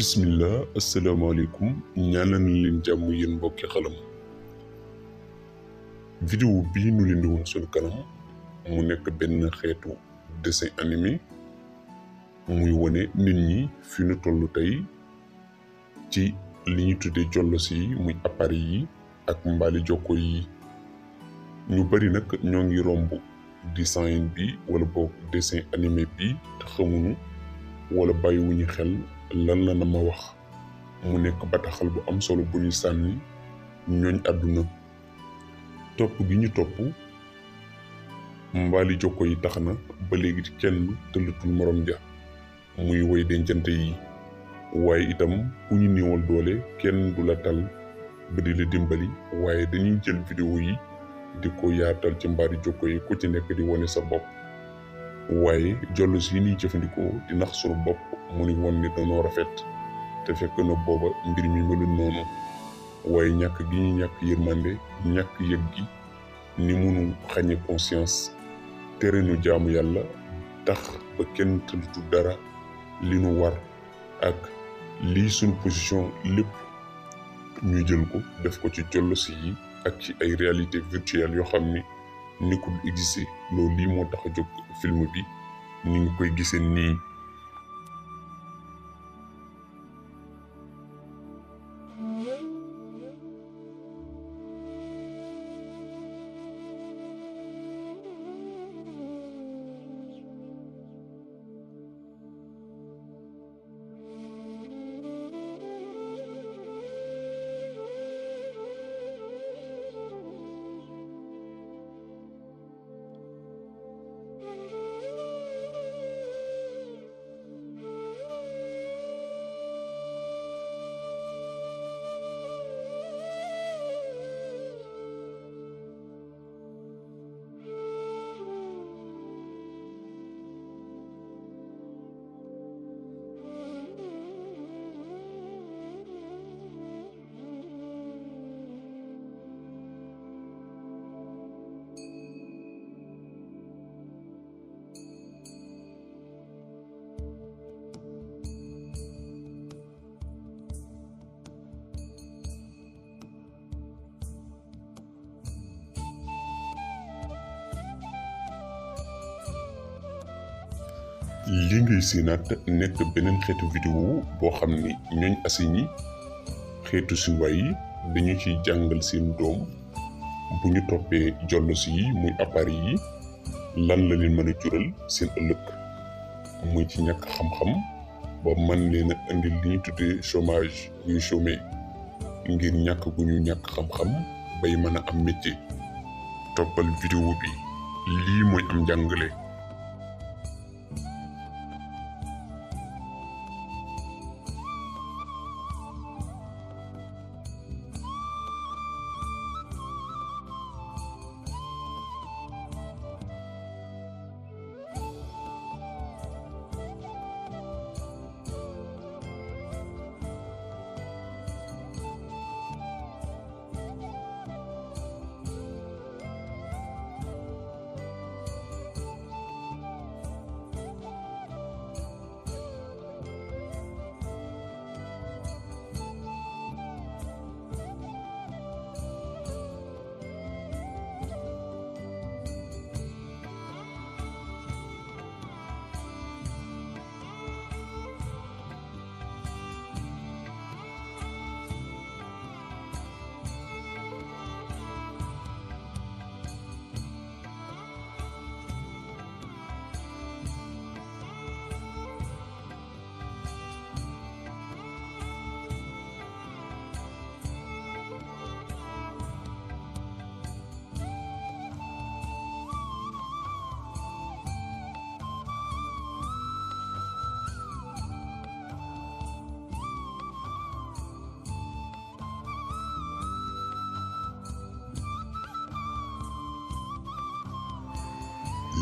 bismillah asalaamaaleykum ñaanal leen jàmm yéen mbokki xalam vidéo bii nu leen di sunu kanam mu nekk benn xeetu dessin animé muy wone nit ñi fi nu toll tey ci liñu tuddee jollos yi muy appareil yi ak mbaali jokko yi ñu bari nag ñoo ngi romb design bi wala boog dessin animé bi te xamuñu wala bàyyiwuñu xel lan la na wax mu nekk bataxal bu am solo bu ñu sànni ñooñ àdduna topp gi ñu topp mbaali jokko yi tax na ba léegi kenn tëllatul morom ja muy woy dencante yi waaye itam ku ñu néewal doole kenn du la tal ba di la dimbali waaye dañuy jël vidéo yi di ko yaatal ci mbaari jokko yi ku ci nekk di wone sa bopp waaye ñuy jëfandikoo di nax suru bopp mu ni woon ni danoo rafet te fekk na booba mbir mi melul noonu waaye ñàkk gi ñu ñàkk yërmande ñàkk yëg gi ni munu xañe conscience tere nu jaamu yàlla tax ba kenn tëddu dara li nu war ak li suñ position lépp ñu jël ko def ko ci jollosi yi ak ci ay réalité virtuelle yoo xam ni ni ko existé loolu lii moo tax a jóg film bi ni ngi koy gisee nii li ngay séenaat nekk beneen xeetu vidéo boo xam ni ñooñ asin yi xeetu siwaay yi dañu ciy jàngal seen doom bu ñu toppee jollos yi muy appareil yi lan la leen mën a jural seen ëllëg muy ci ñàkk xam-xam ba man leen a li ñu tuddee chômage ñuy chômé ngir ñàkk gu ñu ñàkk xam-xam bay mën a am métier toppal vidéo bi lii mooy am jàngale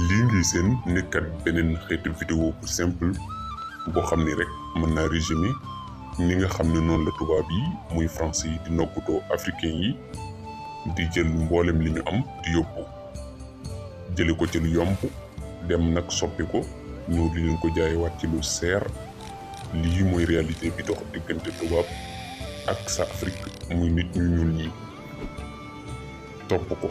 lii ngay seen nekkat beneen xeetu vidéo bu simple boo xam ni rek mën naa résumer ni nga xam ne la tubaab yi muy français yi di noppatoo africain yi di jël mboolem li am di yóbbu jëli ko ci lu yomb dem nag soppi ko ñëw di leen ko jaayewaat ci lu seer lii mooy réalité bi dox ak sa Afrique muy nit ñu ñuul ñi ko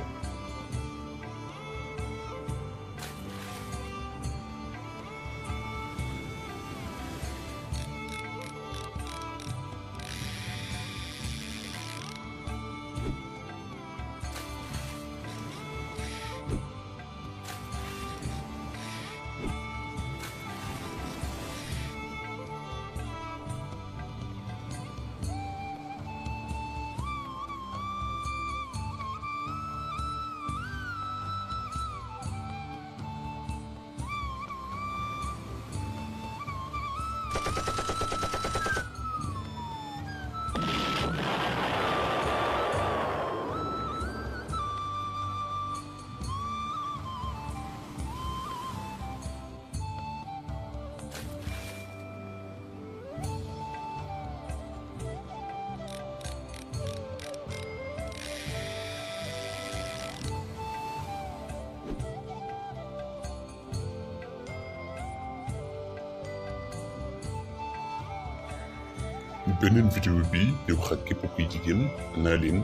beneen vidéo bi yu wax ak képp jigéen naa leen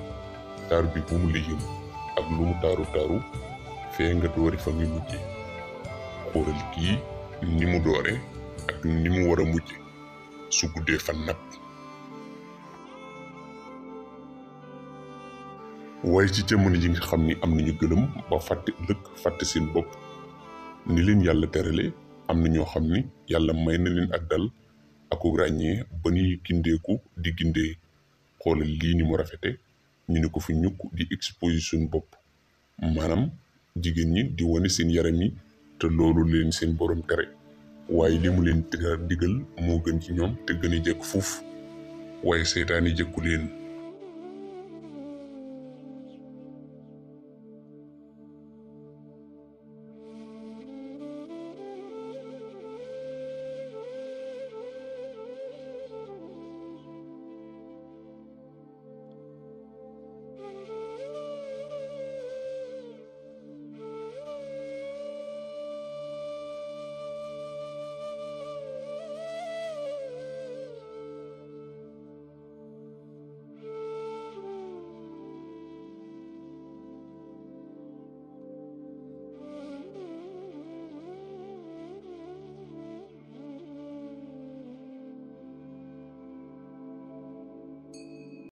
taar bi bu mu la yëm ak lu mu taaru taaru fee nga doore fa nga mujje xoolal kii ni mu doore ak ni mu war a mujje su guddee fan nag waaye ci jamono ji nga xam ni am nañu gëlëm ba fàtte ëllëg fàtte seen bopp ni leen yàlla terale am na ñoo xam ni yàlla may na leen ak dal aku ràññee ba ñuy gindeeku di gindee xoolal lii ni mu rafete ñu ne ko fi ñukk di exposition bopp maanaam jigéen ñi di wane seen yaram yi te loolu leen seen borom tere waaye li mu leen tëra digal moo gën ci ñoom te gën a jekk fuuf waaye seytaane jëkku leen